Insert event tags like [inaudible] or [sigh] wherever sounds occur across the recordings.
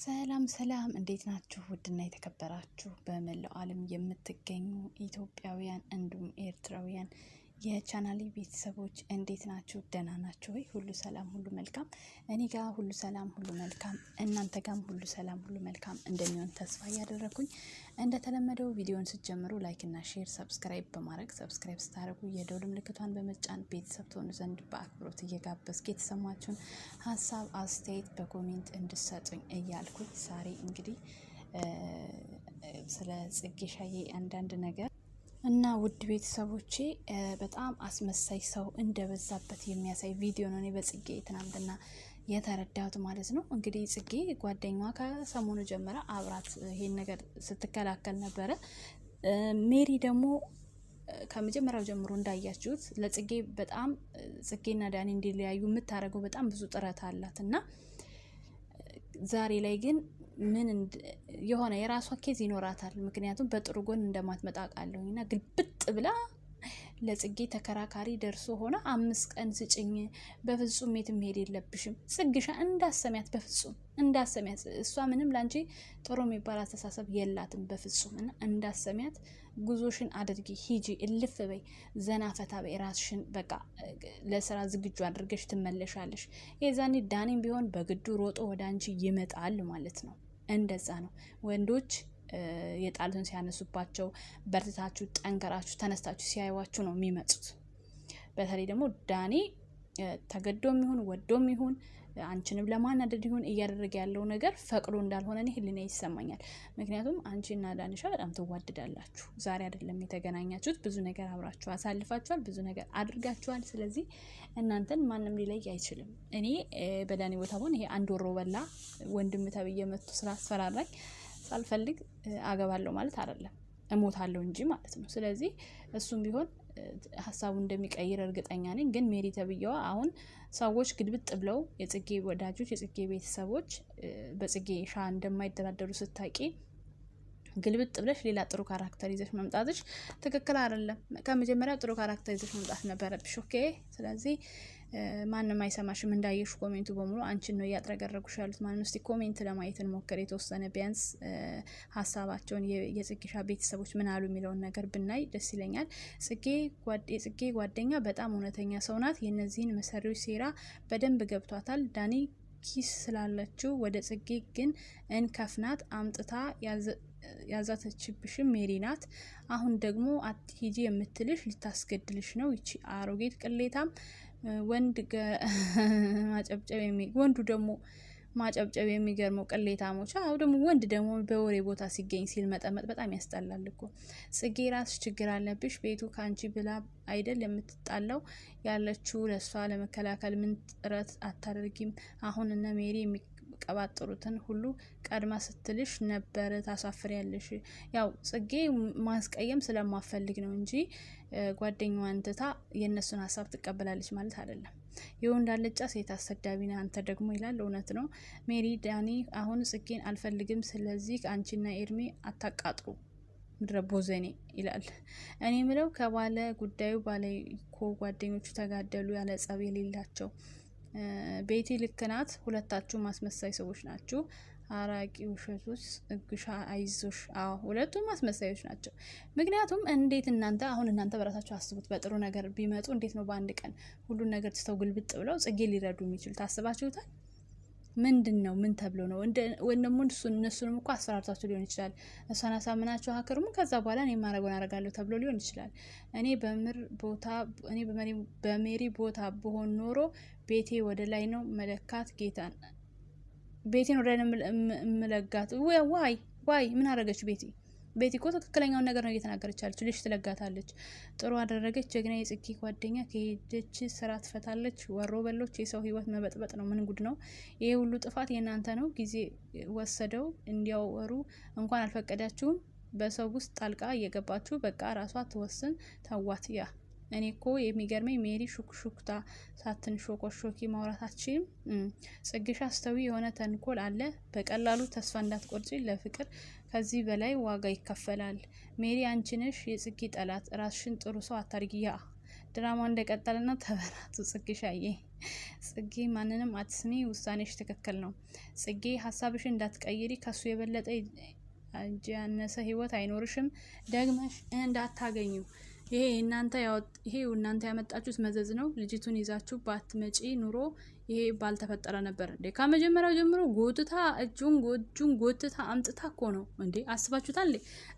ሰላም ሰላም፣ እንዴት ናችሁ? ውድና የተከበራችሁ በመላው ዓለም የምትገኙ ኢትዮጵያውያን እንዲሁም ኤርትራውያን የቻናሌ ቤተሰቦች እንዴት ናችሁ? ደህና ናችሁ ወይ? ሁሉ ሰላም፣ ሁሉ መልካም። እኔ ጋር ሁሉ ሰላም፣ ሁሉ መልካም። እናንተ ጋም ሁሉ ሰላም፣ ሁሉ መልካም እንደሚሆን ተስፋ እያደረግኩኝ እንደተለመደው ቪዲዮን ስትጀምሩ ላይክና ሼር፣ ሰብስክራይብ በማድረግ ሰብስክራይብ ስታደርጉ የደውል ምልክቷን በመጫን ቤተሰብ ትሆኑ ዘንድ በአክብሮት እየጋበዝኩ የተሰማችሁን ሀሳብ አስተያየት በኮሜንት እንድሰጡኝ እያልኩኝ ዛሬ እንግዲህ ስለ ጽጌሻዬ አንዳንድ ነገር እና ውድ ቤተሰቦቼ በጣም አስመሳይ ሰው እንደበዛበት የሚያሳይ ቪዲዮ ነው። እኔ በጽጌ ትናንትና የተረዳሁት ማለት ነው። እንግዲህ ጽጌ ጓደኛዋ ከሰሞኑ ጀምረ አብራት ይሄን ነገር ስትከላከል ነበረ። ሜሪ ደግሞ ከመጀመሪያው ጀምሮ እንዳያችሁት ለጽጌ በጣም ጽጌና ዳኒ እንዲለያዩ የምታደርገው በጣም ብዙ ጥረት አላት እና ዛሬ ላይ ግን ምን የሆነ የራሷ ኬዝ ይኖራታል። ምክንያቱም በጥሩ ጎን እንደማትመጣ ቃለሁኝ እና ግልብጥ ብላ ለጽጌ ተከራካሪ ደርሶ ሆነ አምስት ቀን ስጭኝ፣ በፍጹም የትም መሄድ የለብሽም ጽግሻ እንዳሰሚያት፣ በፍጹም እንዳሰሚያት። እሷ ምንም ለአንቺ ጥሩ የሚባል አስተሳሰብ የላትም በፍጹም እና እንዳሰሚያት፣ ጉዞሽን አድርጊ፣ ሂጂ፣ እልፍ በይ፣ ዘና ፈታ በይ፣ ራስሽን በቃ ለስራ ዝግጁ አድርገሽ ትመለሻለሽ። የዛኔ ዳኔም ቢሆን በግዱ ሮጦ ወደ አንቺ ይመጣል ማለት ነው። እንደዛ ነው ወንዶች የጣሉትን ሲያነሱባቸው በርትታችሁ ጠንከራችሁ ተነስታችሁ ሲያይዋችሁ ነው የሚመጡት። በተለይ ደግሞ ዳኔ ተገዶም ይሁን ወዶም ይሁን አንቺንም ለማናደድ ይሁን እያደረገ ያለው ነገር ፈቅዶ እንዳልሆነ እኔ ህሊና ይሰማኛል። ምክንያቱም አንቺና ዳንሻ በጣም ትዋደዳላችሁ። ዛሬ አይደለም የተገናኛችሁት፣ ብዙ ነገር አብራችሁ አሳልፋችኋል፣ ብዙ ነገር አድርጋችኋል። ስለዚህ እናንተን ማንም ሊለይ አይችልም። እኔ በዳኒ ቦታ ሆን ይሄ አንድ ወሮ በላ ወንድም ተብዬ መጥቶ ስላስፈራራኝ ሳልፈልግ አገባለሁ ማለት አይደለም እሞታለሁ እንጂ ማለት ነው። ስለዚህ እሱም ቢሆን ሀሳቡ እንደሚቀይር እርግጠኛ ነኝ። ግን ሜሪ ተብዬዋ አሁን ሰዎች ግልብጥ ብለው የጽጌ ወዳጆች፣ የጽጌ ቤተሰቦች በጽጌ ሻ እንደማይደራደሩ ስታቂ ግልብጥ ብለሽ ሌላ ጥሩ ካራክተር ይዘሽ መምጣትሽ ትክክል አይደለም። ከመጀመሪያው ጥሩ ካራክተር ይዘሽ መምጣት ነበረብሽ። ኦኬ። ስለዚህ ማንም አይሰማሽም እንዳየሽ ኮሜንቱ በሙሉ አንቺን ነው እያጥረገረጉሽ ያሉት ማለት ነው። እስቲ ኮሜንት ለማየት እንሞክር የተወሰነ ቢያንስ ሀሳባቸውን የጽጌሻ ቤተሰቦች ምን አሉ የሚለውን ነገር ብናይ ደስ ይለኛል። የጽጌ ጓደኛ በጣም እውነተኛ ሰው ናት። የእነዚህን መሰሪዎች ሴራ በደንብ ገብቷታል። ዳኒ ኪስ ስላለችው ወደ ጽጌ ግን እንከፍናት አምጥታ ያዛተችብሽም ሜሪ ናት። አሁን ደግሞ አትሂጂ የምትልሽ ልታስገድልሽ ነው። ይቺ አሮጌት ቅሌታም ወንድ [laughs] ማጨብጨብ ወንዱ ደግሞ ማጨብጨብ የሚገርመው ቅሌታሞች። አሁ ደግሞ ወንድ ደግሞ በወሬ ቦታ ሲገኝ ሲል መጠመጥ በጣም ያስጠላል እኮ። ጽጌ ራስ ችግር አለብሽ፣ ቤቱ ከአንቺ ብላ አይደል የምትጣላው ያለችው። ለእሷ ለመከላከል ምን ጥረት አታደርጊም? አሁን እነ ሜሪ የሚቀባጥሩትን ሁሉ ቀድማ ስትልሽ ነበር። ታሳፍሪያለሽ። ያው ጽጌ ማስቀየም ስለማፈልግ ነው እንጂ ጓደኛዋን ትታ የእነሱን ሀሳብ ትቀበላለች ማለት አይደለም። የወንድ አልጫ ሴት አሰዳቢ ነህ አንተ ደግሞ ይላል። እውነት ነው ሜሪ ዳኒ። አሁን ጽጌን አልፈልግም። ስለዚህ አንቺና ኤርሜ አታቃጥሩ ምድረ ቦዘኔ ይላል። እኔ ምለው ከባለ ጉዳዩ ባለ ኮ ጓደኞቹ ተጋደሉ ያለ ጸብ የሌላቸው ቤቲ ልክ ናት። ሁለታችሁ ማስመሳይ ሰዎች ናችሁ። አራቂ ውሸቶች፣ እግሻ አይዞሽ። አዎ ሁለቱም ማስመሳዮች ናቸው። ምክንያቱም እንዴት እናንተ አሁን እናንተ በራሳቸው አስቡት፣ በጥሩ ነገር ቢመጡ እንዴት ነው በአንድ ቀን ሁሉን ነገር ትተው ግልብጥ ብለው ጽጌ ሊረዱ የሚችሉ ታስባችሁታል? ምንድን ነው? ምን ተብሎ ነው? ወይም ደግሞ እሱ እነሱንም እኮ አስፈራርቷቸው ሊሆን ይችላል። እሷን አሳምናቸው ሀከርሙ ከዛ በኋላ እኔ ማድረገውን አደርጋለሁ ተብሎ ሊሆን ይችላል። እኔ በምር ቦታ እኔ በሜሪ ቦታ ብሆን ኖሮ ቤቴ ወደ ላይ ነው መለካት ጌታን ቤቴን ወደ ላይ ነው ምለጋት። ዋይ ዋይ ምን አደረገች ቤቴ ቤቲ እኮ ትክክለኛውን ነገር ነው እየተናገረች ያለች ልጅ ትለጋታለች። ጥሩ አደረገች። ጀግና የጽጌ ጓደኛ ከሄደች ስራ ትፈታለች። ወሮ በሎች የሰው ህይወት መበጥበጥ ነው። ምን ጉድ ነው ይሄ ሁሉ ጥፋት የእናንተ ነው። ጊዜ ወሰደው እንዲያወሩ እንኳን አልፈቀዳችሁም። በሰው ውስጥ ጣልቃ እየገባችሁ በቃ ራሷ ትወስን ተዋት። ያ እኔ እኮ የሚገርመኝ ሜሪ ሹክሹክታ ሳትን ሾኮሾኪ ማውራታችን ጽግሻ አስተዊ የሆነ ተንኮል አለ። በቀላሉ ተስፋ እንዳትቆርጪ ለፍቅር ከዚህ በላይ ዋጋ ይከፈላል። ሜሪ አንችንሽ የጽጌ ጠላት፣ ራስሽን ጥሩ ሰው አታርጊያ። ድራማ እንደቀጠለና ተበራቱ። ጽጌሻዬ ጽጌ ማንንም አትስሚ፣ ውሳኔሽ ትክክል ነው። ጽጌ ሀሳብሽ እንዳትቀይሪ፣ ከሱ የበለጠ እጅ ያነሰ ህይወት አይኖርሽም፣ ደግመሽ እንዳታገኙ። ይሄ እናንተ ያወጥ ይሄ እናንተ ያመጣችሁት መዘዝ ነው። ልጅቱን ይዛችሁ ባትመጪ ኑሮ ይሄ ባልተፈጠረ ነበር እንዴ? ከመጀመሪያው ጀምሮ ጎትታ እጁን ጎጁን ጎትታ አምጥታ እኮ ነው እንዴ? አስባችሁታል?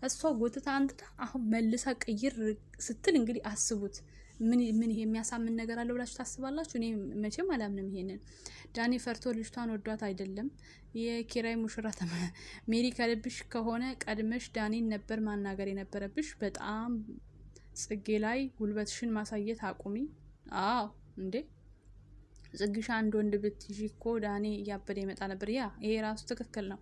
እሷ ጎትታ አምጥታ አሁን መልሳ ቅይር ስትል እንግዲህ አስቡት። ምን ምን ይሄ የሚያሳምን ነገር አለ ብላችሁ ታስባላችሁ? እኔ መቼም አላምንም። ይሄንን ዳኒ ፈርቶ ልጅቷን ወዷት አይደለም። የኪራይ ሙሽራ [laughs] ሜሪ፣ ከልብሽ ከሆነ ቀድመሽ ዳኒን ነበር ማናገር የነበረብሽ። በጣም ጽጌ ላይ ጉልበትሽን ማሳየት አቁሚ። አዎ እንዴ ጽግሻ አንድ ወንድ ብትይዥ እኮ ዳኔ እያበደ ይመጣ ነበር። ያ ይሄ ራሱ ትክክል ነው።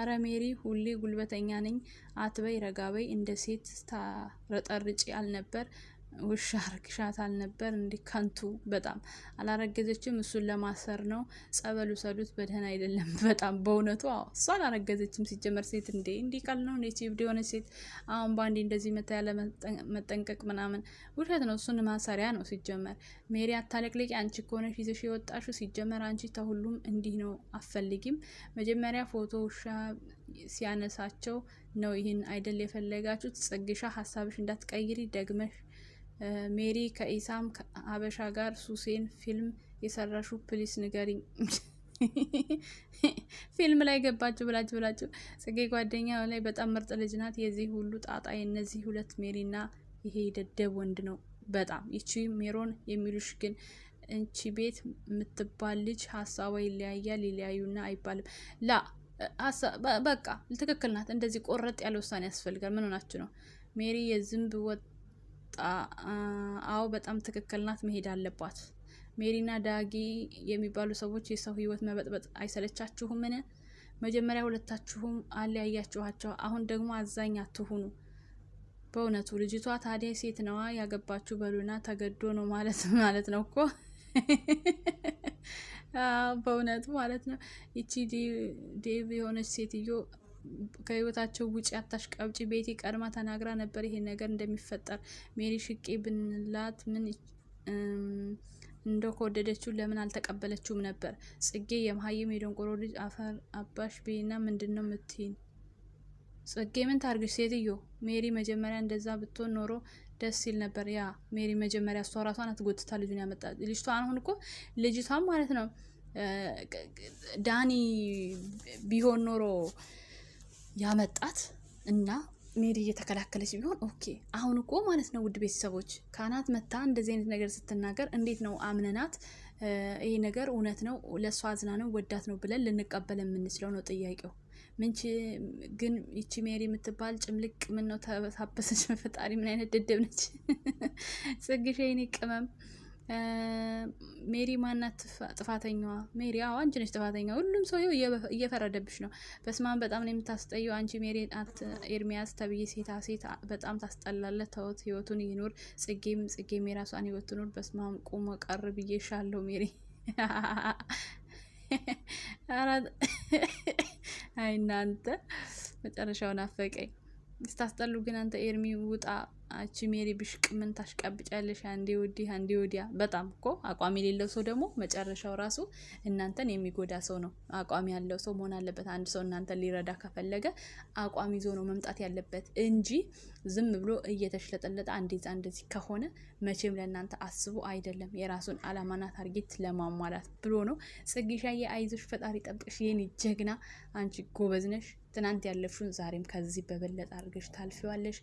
አረ ሜሪ ሁሌ ጉልበተኛ ነኝ አትበይ፣ ረጋበይ እንደ ሴት ታረጠርጭ አልነበር ውሻ ርግሻት አልነበር እንዲህ ከንቱ በጣም አላረገዘችም። እሱን ለማሰር ነው ጸበሉ ሰዱት። በደህን አይደለም [laughs] በጣም በእውነቱ። አዎ እሷ አላረገዘችም ሲጀመር። ሴት እንዴ እንዲህ ቀል ነው እንዴ? ሲብድ የሆነ ሴት አሁን በአንዴ እንደዚህ መታ ያለ መጠንቀቅ ምናምን ውሸት ነው። እሱን ማሰሪያ ነው ሲጀመር። ሜሪ አታለቅለቂ። አንቺ ከሆነ ፊትሽ የወጣሽው ሲጀመር። አንቺ ተሁሉም እንዲህ ነው አፈልጊም። መጀመሪያ ፎቶ ውሻ ሲያነሳቸው ነው። ይህን አይደል የፈለጋችሁት? ጽግሻ ሀሳብሽ እንዳትቀይሪ ደግመሽ ሜሪ ከኢሳም ሀበሻ ጋር ሱሴን ፊልም የሰራሹ ፕሊስ ንገሪኝ። [laughs] ፊልም ላይ ገባችሁ ብላችሁ ብላችሁ ጽጌ ጓደኛ ላይ በጣም ምርጥ ልጅ ናት። የዚህ ሁሉ ጣጣ የእነዚህ ሁለት ሜሪና ይሄ ደደብ ወንድ ነው። በጣም ይቺ ሜሮን የሚሉሽ ግን እንቺ ቤት የምትባል ልጅ ሀሳቧ ይለያያል። ሊለያዩና አይባልም ላ በቃ ትክክል ናት። እንደዚህ ቆረጥ ያለ ውሳኔ ያስፈልጋል። ምን ሆናችሁ ነው ሜሪ የዝንብ ወጥ መጣ። አዎ በጣም ትክክል ናት፣ መሄድ አለባት። ሜሪና ዳጊ የሚባሉ ሰዎች የሰው ህይወት መበጥበጥ አይሰለቻችሁምን? መጀመሪያ ሁለታችሁም አለያያችኋቸው። አሁን ደግሞ አዛኝ አትሁኑ። በእውነቱ ልጅቷ ታዲያ ሴት ነዋ ያገባችሁ። በሉና ተገዶ ነው ማለት [laughs] ማለት ነው እኮ በእውነቱ ማለት ነው። ይቺ ዴቭ የሆነች ሴትዮ ከህይወታቸው አታሽ አታሽቃብጪ። ቤቲ ቀድማ ተናግራ ነበር ይሄ ነገር እንደሚፈጠር። ሜሪ ሽቄ ብንላት ምን እንደ ከወደደችው ለምን አልተቀበለችውም ነበር? ጽጌ የመሀይም የደንቆሮ ልጅ አፈር አባሽ ቤና ምንድን ነው ምትይን? ጽጌ ምን ታርግሽ ሴትዮ? ሜሪ መጀመሪያ እንደዛ ብትሆን ኖሮ ደስ ሲል ነበር። ያ ሜሪ መጀመሪያ እሷ ራሷን አትጎትታ ልጁን ያመጣ ልጅቷ አሁን እኮ ልጅቷም ማለት ነው ዳኒ ቢሆን ኖሮ ያመጣት እና ሜሪ እየተከላከለች ቢሆን ኦኬ። አሁን እኮ ማለት ነው ውድ ቤተሰቦች ካናት መታ እንደዚህ አይነት ነገር ስትናገር እንዴት ነው አምነናት ይህ ነገር እውነት ነው ለእሷ አዝና ነው ወዳት ነው ብለን ልንቀበል የምንችለው ነው ጥያቄው። ምንች ግን ይቺ ሜሪ የምትባል ጭምልቅ ምን ነው ተታበሰች። ፈጣሪ ምን አይነት ደደብ ነች [laughs] ጽግሽ! የኔ ቅመም ሜሪ ማናት ጥፋተኛዋ? ሜሪ አዎ፣ አንቺ ነች ጥፋተኛ። ሁሉም ሰው እየፈረደብሽ ነው። በስማን በጣም ነው የምታስጠየው አንቺ ሜሪ ኤርሚያስ ተብዬ ሴታ ሴት በጣም ታስጠላለ። ተወት፣ ህይወቱን ይኑር። ጽጌም ጽጌም የራሷን ህይወት ትኑር። በስማም ቁሞ ቀር ብዬሻለሁ ሜሪ [laughs] አይ እናንተ መጨረሻውን አፈቀኝ ስታስጠሉ ግን አንተ ኤርሚ ውጣ አቺ ሜሪ ብሽቅ ምን ታሽቃብጫለሽ? አንዴ ወዲህ አንዴ ወዲያ። በጣም እኮ አቋም የሌለው ሰው ደግሞ መጨረሻው ራሱ እናንተን የሚጎዳ ሰው ነው። አቋም ያለው ሰው መሆን አለበት። አንድ ሰው እናንተን ሊረዳ ከፈለገ አቋም ይዞ ነው መምጣት ያለበት እንጂ ዝም ብሎ እየተሽለጠለጠ አንዴዛ እንደዚህ ከሆነ መቼም ለእናንተ አስቦ አይደለም። የራሱን አላማና ታርጌት ለማሟላት ብሎ ነው። ጽጌሻዬ አይዞሽ፣ ፈጣሪ ጠብቅሽ፣ የኔ ጀግና። አንቺ ጎበዝነሽ። ትናንት ያለፍሽውን ዛሬም ከዚህ በበለጠ አድርገሽ ታልፊዋለሽ።